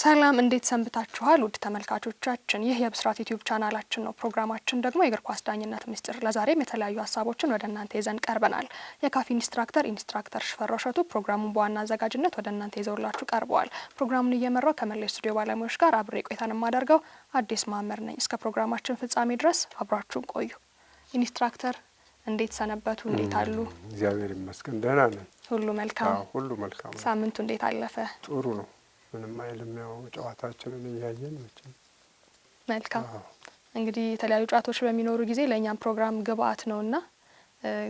ሰላም እንዴት ሰንብታችኋል? ውድ ተመልካቾቻችን ይህ የብስራት ዩቲዩብ ቻናላችን ነው። ፕሮግራማችን ደግሞ የእግር ኳስ ዳኝነት ምስጢር፣ ለዛሬም የተለያዩ ሀሳቦችን ወደ እናንተ ይዘን ቀርበናል። የካፍ ኢንስትራክተር ኢንስትራክተር ሽፈራው እሸቱ ፕሮግራሙን በዋና አዘጋጅነት ወደ እናንተ ይዘውላችሁ ቀርበዋል። ፕሮግራሙን እየመራው ከመላ ስቱዲዮ ባለሙያዎች ጋር አብሬ ቆይታን የማደርገው አዲስ ማመር ነኝ። እስከ ፕሮግራማችን ፍጻሜ ድረስ አብራችሁን ቆዩ። ኢንስትራክተር እንዴት ሰነበቱ? እንዴት አሉ? እግዚአብሔር ይመስገን ደህና ነን። ሁሉ መልካም ሁሉ መልካም። ሳምንቱ እንዴት አለፈ? ጥሩ ነው ምንም አይልም። ያው ጨዋታችንን እያየን መቼም መልካም እንግዲህ የተለያዩ ጨዋታዎች በሚኖሩ ጊዜ ለእኛም ፕሮግራም ግብአት ነውና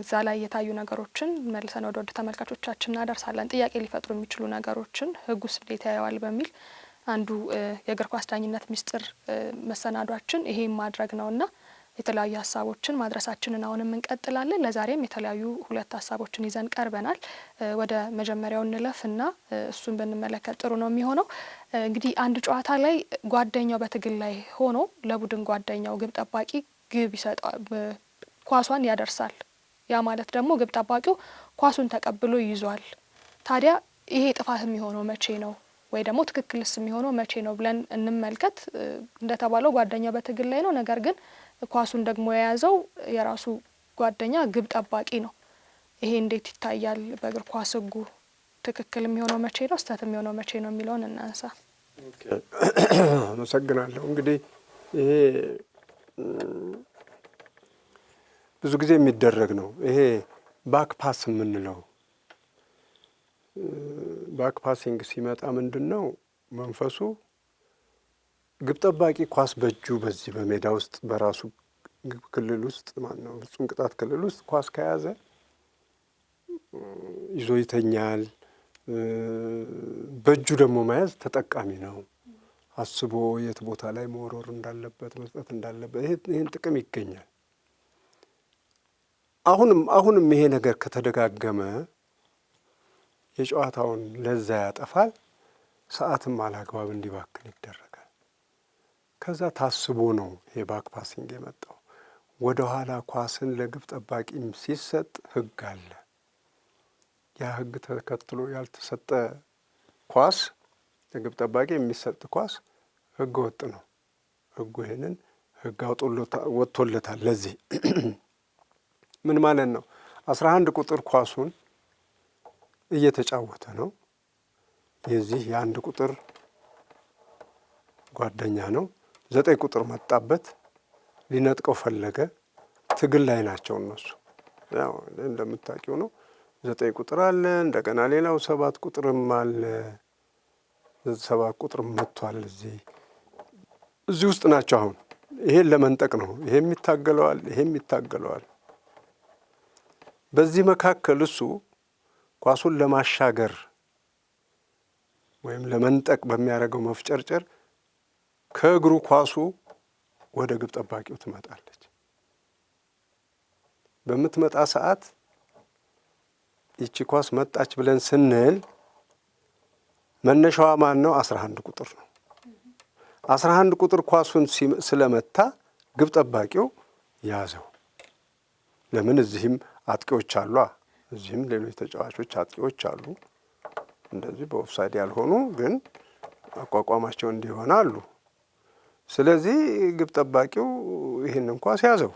እዛ ላይ የታዩ ነገሮችን መልሰን ወደ ወደ ተመልካቾቻችን እናደርሳለን። ጥያቄ ሊፈጥሩ የሚችሉ ነገሮችን ህጉስ እንዴት ያየዋል በሚል አንዱ የእግር ኳስ ዳኝነት ምስጢር መሰናዷችን ይሄም ማድረግ ነውና የተለያዩ ሀሳቦችን ማድረሳችንን አሁንም እንቀጥላለን። ለዛሬም የተለያዩ ሁለት ሀሳቦችን ይዘን ቀርበናል። ወደ መጀመሪያው እንለፍ እና እሱን ብንመለከት ጥሩ ነው የሚሆነው። እንግዲህ አንድ ጨዋታ ላይ ጓደኛው በትግል ላይ ሆኖ ለቡድን ጓደኛው ግብ ጠባቂ ግብ ይሰጣል፣ ኳሷን ያደርሳል። ያ ማለት ደግሞ ግብ ጠባቂው ኳሱን ተቀብሎ ይዟል። ታዲያ ይሄ ጥፋት የሚሆነው መቼ ነው ወይ ደግሞ ትክክልስ የሚሆነው መቼ ነው ብለን እንመልከት። እንደተባለው ጓደኛው በትግል ላይ ነው ነገር ግን ኳሱን ደግሞ የያዘው የራሱ ጓደኛ ግብ ጠባቂ ነው። ይሄ እንዴት ይታያል? በእግር ኳስ ህጉ ትክክል የሚሆነው መቼ ነው፣ ስህተት የሚሆነው መቼ ነው የሚለውን እናንሳ። አመሰግናለሁ። እንግዲህ ይሄ ብዙ ጊዜ የሚደረግ ነው። ይሄ ባክ ፓስ የምንለው ባክ ፓሲንግ ሲመጣ ምንድን ነው መንፈሱ ግብ ጠባቂ ኳስ በእጁ በዚህ በሜዳ ውስጥ በራሱ ክልል ውስጥ ማነው ፍጹም ቅጣት ክልል ውስጥ ኳስ ከያዘ ይዞ ይተኛል። በእጁ ደግሞ መያዝ ተጠቃሚ ነው። አስቦ የት ቦታ ላይ መወርወር እንዳለበት መስጠት እንዳለበት ይህን ጥቅም ይገኛል። አሁንም አሁንም ይሄ ነገር ከተደጋገመ የጨዋታውን ለዛ ያጠፋል። ሰዓትም አላግባብ እንዲባክን ይደረጋል። ከዛ ታስቦ ነው የባክ ፓሲንግ የመጣው። ወደ ኋላ ኳስን ለግብ ጠባቂም ሲሰጥ ህግ አለ። ያ ህግ ተከትሎ ያልተሰጠ ኳስ ለግብ ጠባቂ የሚሰጥ ኳስ ህገ ወጥ ነው። ህጉ ይህንን ህግ ወጥቶለታል። ለዚህ ምን ማለት ነው? አስራ አንድ ቁጥር ኳሱን እየተጫወተ ነው። የዚህ የአንድ ቁጥር ጓደኛ ነው። ዘጠኝ ቁጥር መጣበት፣ ሊነጥቀው ፈለገ። ትግል ላይ ናቸው እነሱ። ያው እንደምታውቂው ነው። ዘጠኝ ቁጥር አለ፣ እንደገና ሌላው ሰባት ቁጥርም አለ። ሰባት ቁጥር መጥቷል። እዚህ እዚህ ውስጥ ናቸው አሁን። ይሄን ለመንጠቅ ነው። ይሄም ይታገለዋል፣ ይሄም ይታገለዋል። በዚህ መካከል እሱ ኳሱን ለማሻገር ወይም ለመንጠቅ በሚያደርገው መፍጨርጨር ከእግሩ ኳሱ ወደ ግብ ጠባቂው ትመጣለች። በምትመጣ ሰዓት ይቺ ኳስ መጣች ብለን ስንል መነሻዋ ማን ነው? አስራ አንድ ቁጥር ነው። አስራ አንድ ቁጥር ኳሱን ስለመታ ግብ ጠባቂው ያዘው። ለምን እዚህም አጥቂዎች አሏ? እዚህም ሌሎች ተጫዋቾች አጥቂዎች አሉ። እንደዚህ በኦፍሳይድ ያልሆኑ ግን አቋቋማቸው እንዲሆን አሉ። ስለዚህ ግብ ጠባቂው ይህን እንኳ ሲያዘው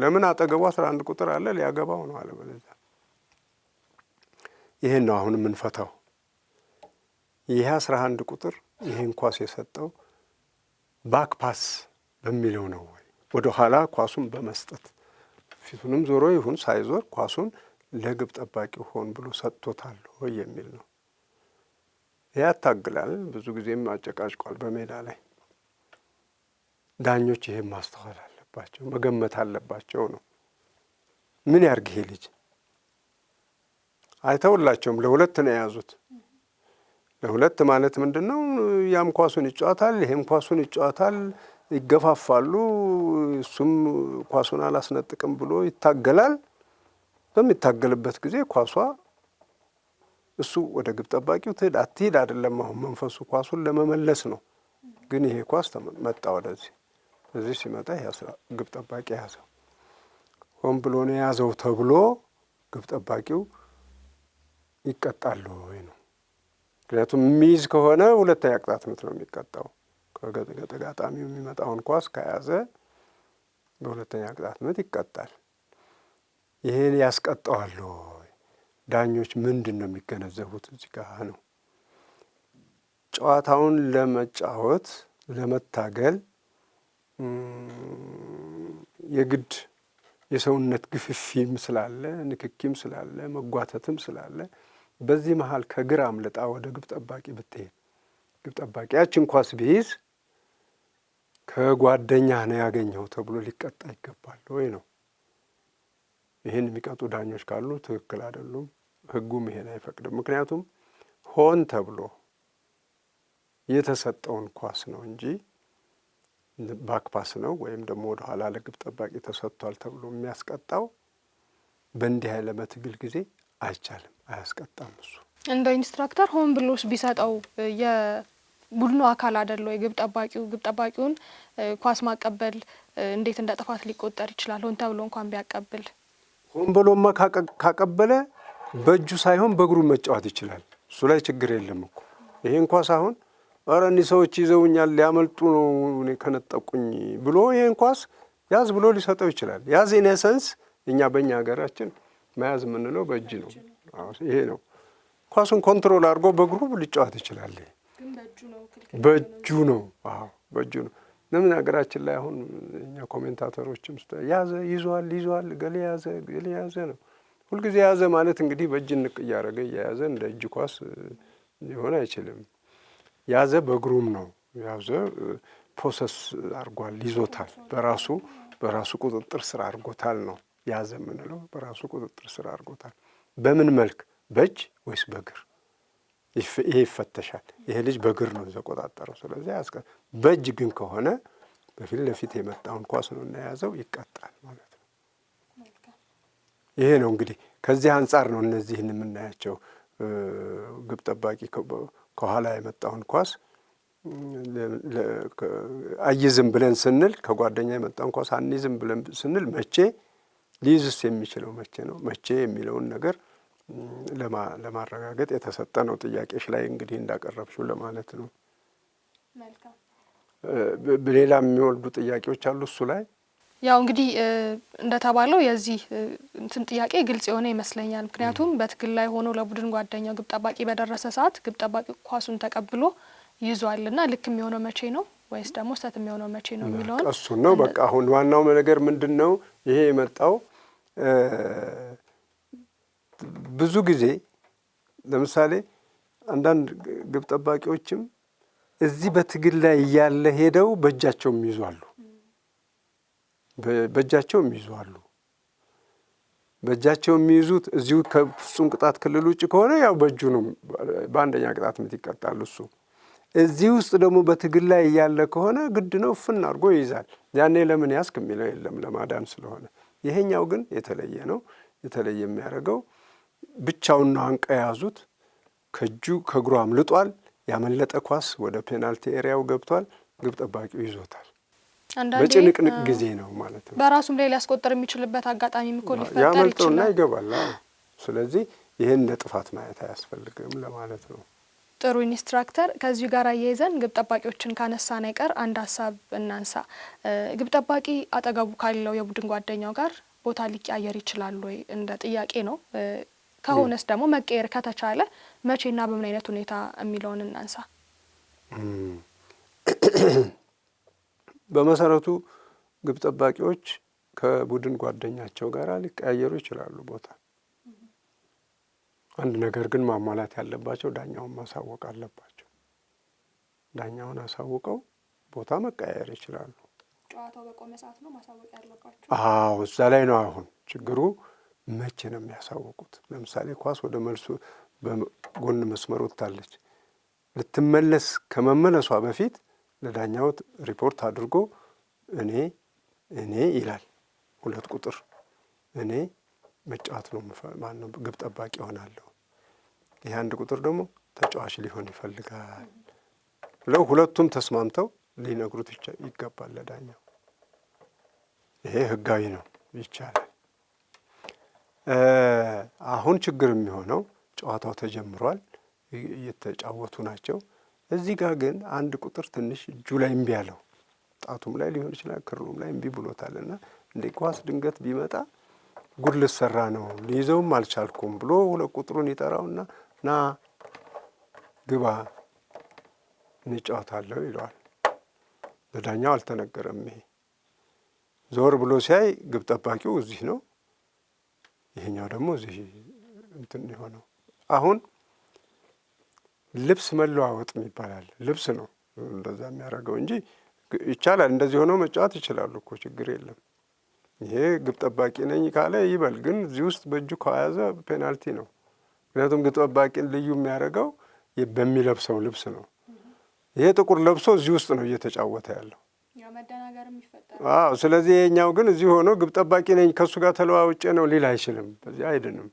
ለምን አጠገቡ አስራ አንድ ቁጥር አለ ሊያገባው ነው በለዚያ ይህን ነው አሁን የምንፈታው ይህ አስራ አንድ ቁጥር ይህን ኳስ የሰጠው ባክ ፓስ በሚለው ነው ወይ ወደ ኋላ ኳሱን በመስጠት ፊቱንም ዞሮ ይሁን ሳይዞር ኳሱን ለግብ ጠባቂ ሆን ብሎ ሰጥቶታል ወይ የሚል ነው። ያታግላል። ብዙ ጊዜም አጨቃጭቋል በሜዳ ላይ። ዳኞች ይሄን ማስተዋል አለባቸው፣ መገመት አለባቸው ነው። ምን ያርግ ይሄ ልጅ አይተውላቸውም። ለሁለት ነው የያዙት። ለሁለት ማለት ምንድን ነው? ያም ኳሱን ይጫዋታል፣ ይሄም ኳሱን ይጫዋታል። ይገፋፋሉ። እሱም ኳሱን አላስነጥቅም ብሎ ይታገላል። በሚታገልበት ጊዜ ኳሷ እሱ ወደ ግብ ጠባቂው ትሄድ አትሄድ አይደለም። አሁን መንፈሱ ኳሱን ለመመለስ ነው። ግን ይሄ ኳስ መጣ ወደዚህ እዚህ ሲመጣ ግብ ጠባቂ ያዘው። ሆን ብሎ ነው የያዘው ተብሎ ግብ ጠባቂው ይቀጣሉ ወይ ነው። ምክንያቱም የሚይዝ ከሆነ ሁለተኛ ቅጣት ምት ነው የሚቀጣው። ከተጋጣሚው የሚመጣውን ኳስ ከያዘ በሁለተኛ ቅጣት ምት ይቀጣል። ይሄን ያስቀጠዋሉ ዳኞች ምንድን ነው የሚገነዘቡት? እዚህ ጋ ነው ጨዋታውን ለመጫወት ለመታገል የግድ የሰውነት ግፍፊም ስላለ ንክኪም ስላለ መጓተትም ስላለ በዚህ መሀል ከግር አምልጣ ወደ ግብ ጠባቂ ብትሄድ ግብ ጠባቂ ያች እንኳስ ቢይዝ ከጓደኛ ነው ያገኘው ተብሎ ሊቀጣ ይገባል ወይ ነው። ይህን የሚቀጡ ዳኞች ካሉ ትክክል አይደሉም። ህጉም ይሄን አይፈቅድም። ምክንያቱም ሆን ተብሎ የተሰጠውን ኳስ ነው እንጂ ባክፓስ ነው ወይም ደግሞ ወደኋላ ለግብ ጠባቂ ተሰጥቷል ተብሎ የሚያስቀጣው በእንዲህ ያለ በትግል ጊዜ አይቻልም፣ አያስቀጣም። እሱ እንደ ኢንስትራክተር ሆን ብሎስ ቢሰጠው የቡድኑ አካል አደለው የግብ ጠባቂው ግብ ጠባቂውን ኳስ ማቀበል እንዴት እንደ ጥፋት ሊቆጠር ይችላል? ሆን ተብሎ እንኳን ቢያቀብል ሆን ብሎማ ካቀበለ በእጁ ሳይሆን በእግሩ መጫወት ይችላል። እሱ ላይ ችግር የለም እኮ ይሄ እንኳ ሳይሆን ኧረ እኒህ ሰዎች ይዘውኛል ሊያመልጡ ነው እኔ ከነጠቁኝ ብሎ ይህን ኳስ ያዝ ብሎ ሊሰጠው ይችላል። ያዝ ኢነሰንስ እኛ በእኛ ሀገራችን መያዝ የምንለው በእጅ ነው። ይሄ ነው ኳሱን ኮንትሮል አድርጎ በእግሩ ሊጫወት ይችላል። በእጁ ነው። በእጁ ነው። ለምን ሀገራችን ላይ አሁን እኛ ኮሜንታተሮችም ያዘ ይዟል፣ ይዟል፣ ገሌ ያዘ፣ ገሌ ያዘ ነው ሁልጊዜ። ያዘ ማለት እንግዲህ በእጅ ንቅ እያደረገ እየያዘ እንደ እጅ ኳስ ሊሆን አይችልም። ያዘ በግሩም ነው ያዘ ፕሮሰስ አድርጓል ይዞታል። በራሱ በራሱ ቁጥጥር ስር አድርጎታል ነው ያዘ የምንለው በራሱ ቁጥጥር ስር አድርጎታል። በምን መልክ በእጅ ወይስ በእግር? ይሄ ይፈተሻል። ይሄ ልጅ በእግር ነው የተቆጣጠረው። ስለዚህ ያስቀ በእጅ ግን ከሆነ በፊት ለፊት የመጣውን ኳስ ነው እናያዘው ይቀጣል ማለት ነው። ይሄ ነው እንግዲህ ከዚህ አንጻር ነው እነዚህን የምናያቸው ግብ ጠባቂ ከኋላ የመጣውን ኳስ አይዝም ብለን ስንል ከጓደኛ የመጣውን ኳስ አንይዝም ብለን ስንል መቼ ሊይዝስ የሚችለው መቼ ነው መቼ የሚለውን ነገር ለማረጋገጥ የተሰጠ ነው። ጥያቄሽ ላይ እንግዲህ እንዳቀረብሽው ለማለት ነው። ሌላ የሚወልዱ ጥያቄዎች አሉ እሱ ላይ ያው እንግዲህ እንደተባለው የዚህ እንትን ጥያቄ ግልጽ የሆነ ይመስለኛል። ምክንያቱም በትግል ላይ ሆኖ ለቡድን ጓደኛው ግብ ጠባቂ በደረሰ ሰዓት ግብ ጠባቂ ኳሱን ተቀብሎ ይዟል እና ልክ የሚሆነው መቼ ነው ወይስ ደግሞ ስህተት የሚሆነው መቼ ነው የሚለውን እሱ ነው በቃ። አሁን ዋናው ነገር ምንድን ነው ይሄ የመጣው ብዙ ጊዜ ለምሳሌ አንዳንድ ግብ ጠባቂዎችም እዚህ በትግል ላይ እያለ ሄደው በእጃቸውም ይዟሉ በእጃቸው ይዟሉ። አሉ። በእጃቸው የሚይዙት እዚሁ ከፍጹም ቅጣት ክልል ውጭ ከሆነ ያው በእጁ ነው፣ በአንደኛ ቅጣት ምት ይቀጣል እሱ። እዚህ ውስጥ ደግሞ በትግል ላይ እያለ ከሆነ ግድ ነው ፍን አድርጎ ይይዛል። ያኔ ለምን ያስክ የሚለው የለም ለማዳን ስለሆነ። ይሄኛው ግን የተለየ ነው። የተለየ የሚያደርገው ብቻውን ነው አንቀ የያዙት። ከእጁ ከእግሩ አምልጧል። ያመለጠ ኳስ ወደ ፔናልቲ ኤሪያው ገብቷል። ግብ ጠባቂው ይዞታል። በጭንቅንቅ ጊዜ ነው ማለት ነው። በራሱም ላይ ሊያስቆጠር የሚችልበት አጋጣሚ እኮ ሊፈጠር ይችላል፣ ይገባል። ስለዚህ ይህን እንደ ጥፋት ማየት አያስፈልግም ለማለት ነው። ጥሩ ኢንስትራክተር፣ ከዚሁ ጋር አያይዘን ግብ ጠባቂዎችን ካነሳን አይቀር አንድ ሀሳብ እናንሳ። ግብ ጠባቂ አጠገቡ ካለው የቡድን ጓደኛው ጋር ቦታ ሊቀያየር ይችላል ወይ? እንደ ጥያቄ ነው። ከሆነስ ደግሞ መቀየር ከተቻለ መቼና በምን አይነት ሁኔታ የሚለውን እናንሳ። በመሰረቱ ግብ ጠባቂዎች ከቡድን ጓደኛቸው ጋር ሊቀያየሩ ይችላሉ ቦታ። አንድ ነገር ግን ማሟላት ያለባቸው ዳኛውን ማሳወቅ አለባቸው። ዳኛውን አሳውቀው ቦታ መቀያየር ይችላሉ። ጨዋታው በቆመ ሰዓት ነው ማሳወቅ ያለባቸው። አዎ እዛ ላይ ነው አሁን ችግሩ። መቼ ነው የሚያሳውቁት? ለምሳሌ ኳስ ወደ መልሱ በጎን መስመር ወጥታለች። ልትመለስ ከመመለሷ በፊት ለዳኛው ሪፖርት አድርጎ እኔ እኔ ይላል ሁለት ቁጥር እኔ መጫወት ነው ነው ግብ ጠባቂ ሆናለሁ። ይህ አንድ ቁጥር ደግሞ ተጫዋች ሊሆን ይፈልጋል ብለው ሁለቱም ተስማምተው ሊነግሩት ይገባል ለዳኛው። ይሄ ህጋዊ ነው ይቻላል። አሁን ችግር የሚሆነው ጨዋታው ተጀምሯል፣ እየተጫወቱ ናቸው። እዚህ ጋር ግን አንድ ቁጥር ትንሽ እጁ ላይ እምቢ አለው፣ ጣቱም ላይ ሊሆን ይችላል ክሩም ላይ እምቢ ብሎታል እና እንደ ኳስ ድንገት ቢመጣ ጉድ ልሰራ ነው ሊይዘውም አልቻልኩም ብሎ ሁለት ቁጥሩን ይጠራውና ና ግባ እንጫወታለሁ ይለዋል። በዳኛው አልተነገረም ይሄ። ዞር ብሎ ሲያይ ግብ ጠባቂው እዚህ ነው፣ ይሄኛው ደግሞ እዚህ እንትን የሆነው አሁን ልብስ መለዋወጥ ይባላል። ልብስ ነው እንደዛ የሚያደርገው እንጂ ይቻላል። እንደዚህ ሆነው መጫወት ይችላሉ እኮ ችግር የለም። ይሄ ግብ ጠባቂ ነኝ ካለ ይበል፣ ግን እዚህ ውስጥ በእጁ ከያዘ ፔናልቲ ነው። ምክንያቱም ግብ ጠባቂን ልዩ የሚያደርገው በሚለብሰው ልብስ ነው። ይሄ ጥቁር ለብሶ እዚህ ውስጥ ነው እየተጫወተ ያለው። ስለዚህ ይሄኛው ግን እዚህ ሆኖ ግብ ጠባቂ ነኝ ከእሱ ጋር ተለዋውጬ ነው ሊል አይችልም። በዚህ አይድንም።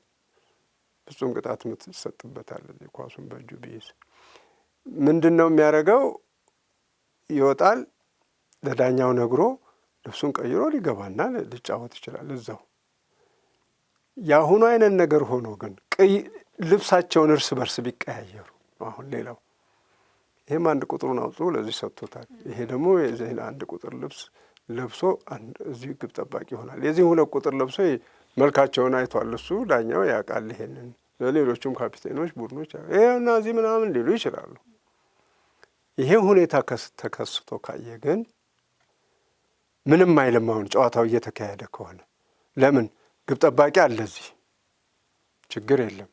ፍጹም ቅጣት ምት ይሰጥበታል። ኳሱን በእጁ ቢይዝ ምንድን ነው የሚያደርገው? ይወጣል፣ ለዳኛው ነግሮ ልብሱን ቀይሮ ሊገባና ሊጫወት ይችላል እዛው። የአሁኑ አይነት ነገር ሆኖ ግን ቀይ ልብሳቸውን እርስ በርስ ቢቀያየሩ አሁን ሌላው ይህም አንድ ቁጥሩን አውጡ ለዚህ ሰጥቶታል። ይሄ ደግሞ የዚህን አንድ ቁጥር ልብስ ለብሶ እዚህ ግብ ጠባቂ ይሆናል። የዚህ ሁለት ቁጥር ለብሶ መልካቸውን አይቷል። እሱ ዳኛው ያውቃል ይሄንን። ለሌሎቹም ካፒቴኖች፣ ቡድኖች ይሄና እዚህ ምናምን ሊሉ ይችላሉ። ይሄ ሁኔታ ተከስቶ ካየ ግን ምንም አይልም። አሁን ጨዋታው እየተካሄደ ከሆነ ለምን ግብ ጠባቂ አለ፣ እዚህ ችግር የለም።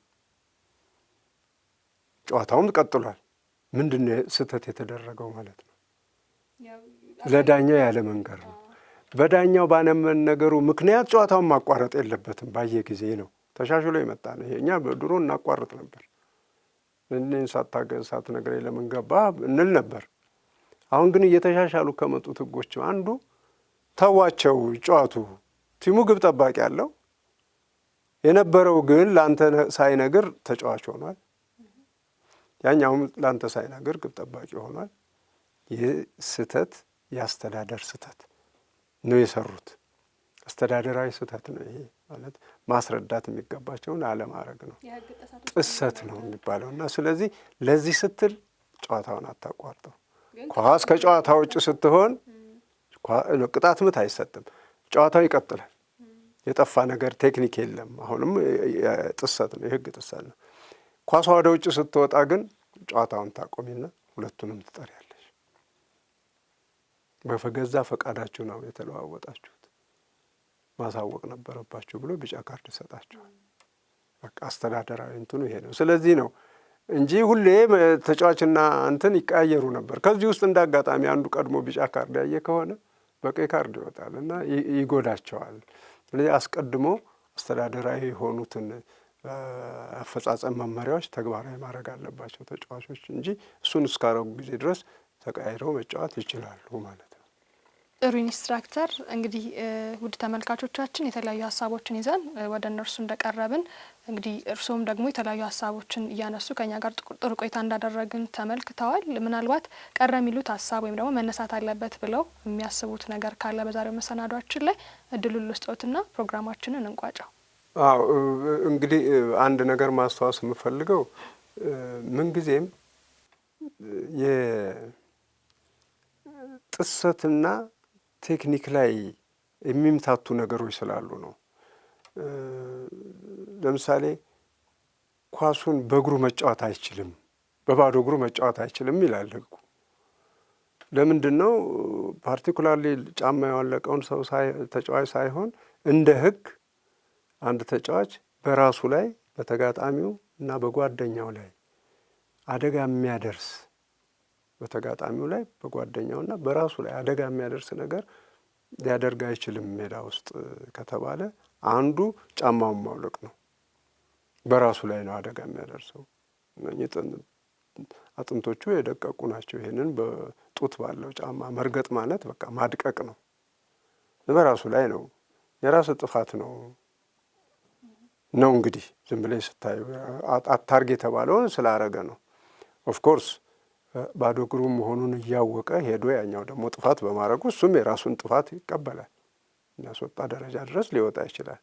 ጨዋታውም ቀጥሏል። ምንድን ነው ስህተት የተደረገው ማለት ነው? ለዳኛው ያለ መንገር ነው። በዳኛው ባነመን ነገሩ ምክንያት ጨዋታውን ማቋረጥ የለበትም ባየ ጊዜ ነው ተሻሽሎ የመጣ ነው። እኛ ድሮ እናቋርጥ ነበር። እኔን ሳታገዝ ሳትነግረኝ ለምን ገባ እንል ነበር። አሁን ግን እየተሻሻሉ ከመጡት ሕጎች አንዱ ተዋቸው ጨዋቱ። ቲሙ ግብ ጠባቂ አለው የነበረው ግን ለአንተ ሳይነግር ተጫዋች ሆኗል። ያኛውም ለአንተ ሳይነግር ግብ ጠባቂ ሆኗል። ይህ ስህተት የአስተዳደር ስህተት ነው የሰሩት። አስተዳደራዊ ስህተት ነው ይሄ። ማለት ማስረዳት የሚገባቸውን አለማድረግ ነው፣ ጥሰት ነው የሚባለው እና ስለዚህ ለዚህ ስትል ጨዋታውን አታቋርጠው። ኳስ ከጨዋታ ውጭ ስትሆን ቅጣት ምት አይሰጥም፣ ጨዋታው ይቀጥላል። የጠፋ ነገር ቴክኒክ የለም። አሁንም ጥሰት ነው፣ የህግ ጥሰት ነው። ኳሷ ወደ ውጭ ስትወጣ ግን ጨዋታውን ታቆሚና ሁለቱንም ትጠሪያል። በገዛ ፈቃዳችሁ ነው የተለዋወጣችሁት፣ ማሳወቅ ነበረባችሁ ብሎ ቢጫ ካርድ ይሰጣችኋል። በቃ አስተዳደራዊ እንትኑ ይሄ ነው። ስለዚህ ነው እንጂ ሁሌ ተጫዋችና እንትን ይቀያየሩ ነበር። ከዚህ ውስጥ እንደ አጋጣሚ አንዱ ቀድሞ ቢጫ ካርድ ያየ ከሆነ በቀይ ካርድ ይወጣል እና ይጎዳቸዋል። ስለዚህ አስቀድሞ አስተዳደራዊ የሆኑትን አፈጻጸም መመሪያዎች ተግባራዊ ማድረግ አለባቸው ተጫዋቾች እንጂ እሱን እስካረጉ ጊዜ ድረስ ተቀያይረው መጫወት ይችላሉ ማለት ነው። ጥሩ ኢንስትራክተር። እንግዲህ ውድ ተመልካቾቻችን የተለያዩ ሀሳቦችን ይዘን ወደ እነርሱ እንደቀረብን እንግዲህ እርስዎም ደግሞ የተለያዩ ሀሳቦችን እያነሱ ከኛ ጋር ጥሩ ቆይታ እንዳደረግን ተመልክተዋል። ምናልባት ቀረ የሚሉት ሀሳብ ወይም ደግሞ መነሳት አለበት ብለው የሚያስቡት ነገር ካለ በዛሬው መሰናዷችን ላይ እድሉን ልስጦትና ፕሮግራማችንን እንቋጫው። አዎ እንግዲህ አንድ ነገር ማስታወስ የምፈልገው ምንጊዜም የጥሰትና ቴክኒክ ላይ የሚምታቱ ነገሮች ስላሉ ነው። ለምሳሌ ኳሱን በእግሩ መጫወት አይችልም፣ በባዶ እግሩ መጫወት አይችልም ይላል ህጉ ለምንድን ነው ፓርቲኩላርሊ ጫማ ያወለቀውን ሰው ተጫዋች ሳይሆን እንደ ህግ አንድ ተጫዋች በራሱ ላይ በተጋጣሚው እና በጓደኛው ላይ አደጋ የሚያደርስ በተጋጣሚው ላይ በጓደኛው እና በራሱ ላይ አደጋ የሚያደርስ ነገር ሊያደርግ አይችልም ሜዳ ውስጥ ከተባለ አንዱ ጫማውን ማውለቅ ነው። በራሱ ላይ ነው አደጋ የሚያደርሰው። አጥንቶቹ የደቀቁ ናቸው። ይህንን በጡት ባለው ጫማ መርገጥ ማለት በቃ ማድቀቅ ነው። በራሱ ላይ ነው። የራስ ጥፋት ነው ነው እንግዲህ ዝም ብለህ ስታዩ አታርግ የተባለውን ስላረገ ነው ኦፍኮርስ ባዶ እግሩ መሆኑን እያወቀ ሄዶ ያኛው ደግሞ ጥፋት በማድረጉ እሱም የራሱን ጥፋት ይቀበላል። የሚያስወጣ ደረጃ ድረስ ሊወጣ ይችላል።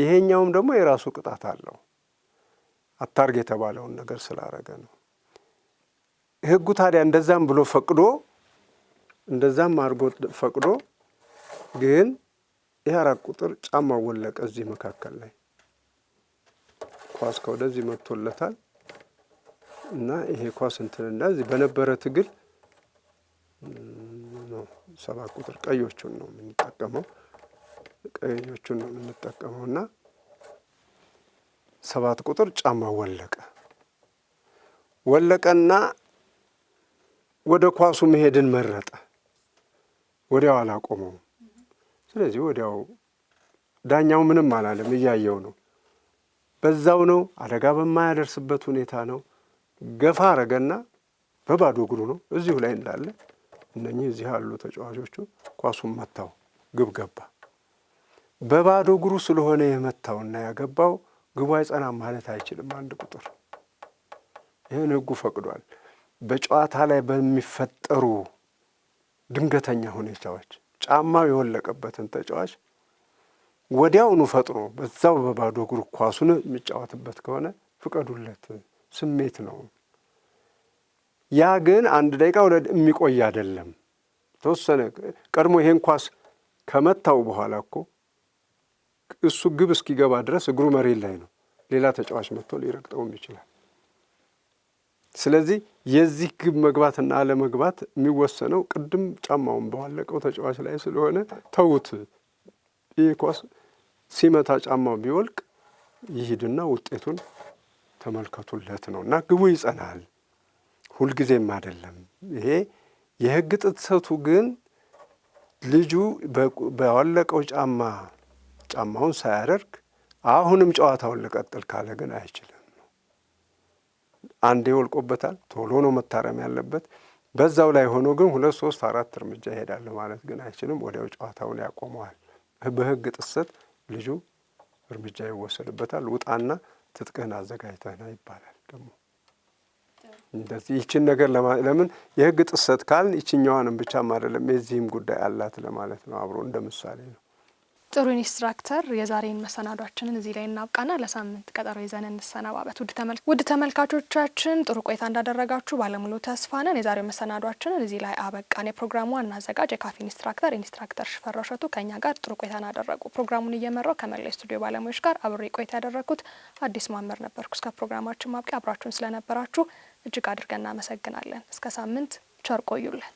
ይሄኛውም ደግሞ የራሱ ቅጣት አለው። አታርግ የተባለውን ነገር ስላረገ ነው። ህጉ ታዲያ እንደዛም ብሎ ፈቅዶ እንደዛም አድርጎ ፈቅዶ ግን ይህ አራት ቁጥር ጫማ ወለቀ። እዚህ መካከል ላይ ኳስ ከወደዚህ መጥቶለታል። እና ይሄ ኳስ እና እዚህ በነበረ ትግል ሰባ ቁጥር ቀዮቹን ነው የምንጠቀመው ቀዮቹን ነው የምንጠቀመው እና ሰባት ቁጥር ጫማ ወለቀ ወለቀና ወደ ኳሱ መሄድን መረጠ። ወዲያው አላቆመውም። ስለዚህ ወዲያው ዳኛው ምንም አላለም፣ እያየው ነው። በዛው ነው አደጋ በማያደርስበት ሁኔታ ነው። ገፋ አረገና በባዶ እግሩ ነው እዚሁ ላይ እንዳለ እነኚህ እዚህ ያሉ ተጫዋቾቹ ኳሱን መታው፣ ግብ ገባ። በባዶ እግሩ ስለሆነ የመታውና ያገባው ግቡ አይጸናም ማለት አይችልም። አንድ ቁጥር ይህን ህጉ ፈቅዷል። በጨዋታ ላይ በሚፈጠሩ ድንገተኛ ሁኔታዎች ጫማው የወለቀበትን ተጫዋች ወዲያውኑ ፈጥኖ በዛው በባዶ እግሩ ኳሱን የሚጫወትበት ከሆነ ፍቀዱለት። ስሜት ነው። ያ ግን አንድ ደቂቃ ወደ የሚቆይ አይደለም። ተወሰነ ቀድሞ ይሄን ኳስ ከመታው በኋላ እኮ እሱ ግብ እስኪገባ ድረስ እግሩ መሬት ላይ ነው። ሌላ ተጫዋች መጥቶ ሊረግጠውም ይችላል። ስለዚህ የዚህ ግብ መግባትና አለመግባት የሚወሰነው ቅድም ጫማውን በዋለቀው ተጫዋች ላይ ስለሆነ ተዉት። ይህ ኳስ ሲመታ ጫማው ቢወልቅ ይሂድና ውጤቱን ተመልከቱለት ነው እና ግቡ ይጸናል። ሁልጊዜም አይደለም ይሄ የህግ ጥሰቱ ግን ልጁ በወለቀው ጫማ ጫማውን ሳያደርግ አሁንም ጨዋታውን ልቀጥል ካለ ግን አይችልም ነው። አንዴ ወልቆበታል፣ ቶሎ ነው መታረም ያለበት። በዛው ላይ ሆኖ ግን ሁለት ሶስት አራት እርምጃ ይሄዳል ማለት ግን አይችልም። ወዲያው ጨዋታውን ያቆመዋል። በህግ ጥሰት ልጁ እርምጃ ይወሰድበታል። ውጣና ትጥቅህን አዘጋጅተህ ይባላል። ደግሞ እንደዚህ ይችን ነገር ለምን የህግ ጥሰት ካልን ይችኛዋንም ብቻም አይደለም የዚህም ጉዳይ አላት ለማለት ነው። አብሮ እንደ ምሳሌ ነው። ጥሩ ኢንስትራክተር፣ የዛሬን መሰናዷችንን እዚህ ላይ እናብቃና ለሳምንት ቀጠሮ ይዘን እንሰናባበት። ውድ ውድ ተመልካቾቻችን ጥሩ ቆይታ እንዳደረጋችሁ ባለሙሉ ተስፋ ነን። የዛሬው መሰናዷችንን እዚህ ላይ አበቃን። የፕሮግራሙ ዋና አዘጋጅ የካፍ ኢንስትራክተር ኢንስትራክተር ሽፈራው እሸቱ ከእኛ ጋር ጥሩ ቆይታ እናደረጉ። ፕሮግራሙን እየመራው ከመላይ ስቱዲዮ ባለሙያዎች ጋር አብሬ ቆይታ ያደረግኩት አዲስ ማመር ነበርኩ። እስከ ፕሮግራማችን ማብቂያ አብራችሁን ስለነበራችሁ እጅግ አድርገን እናመሰግናለን። እስከ ሳምንት ቸር ቆዩልን።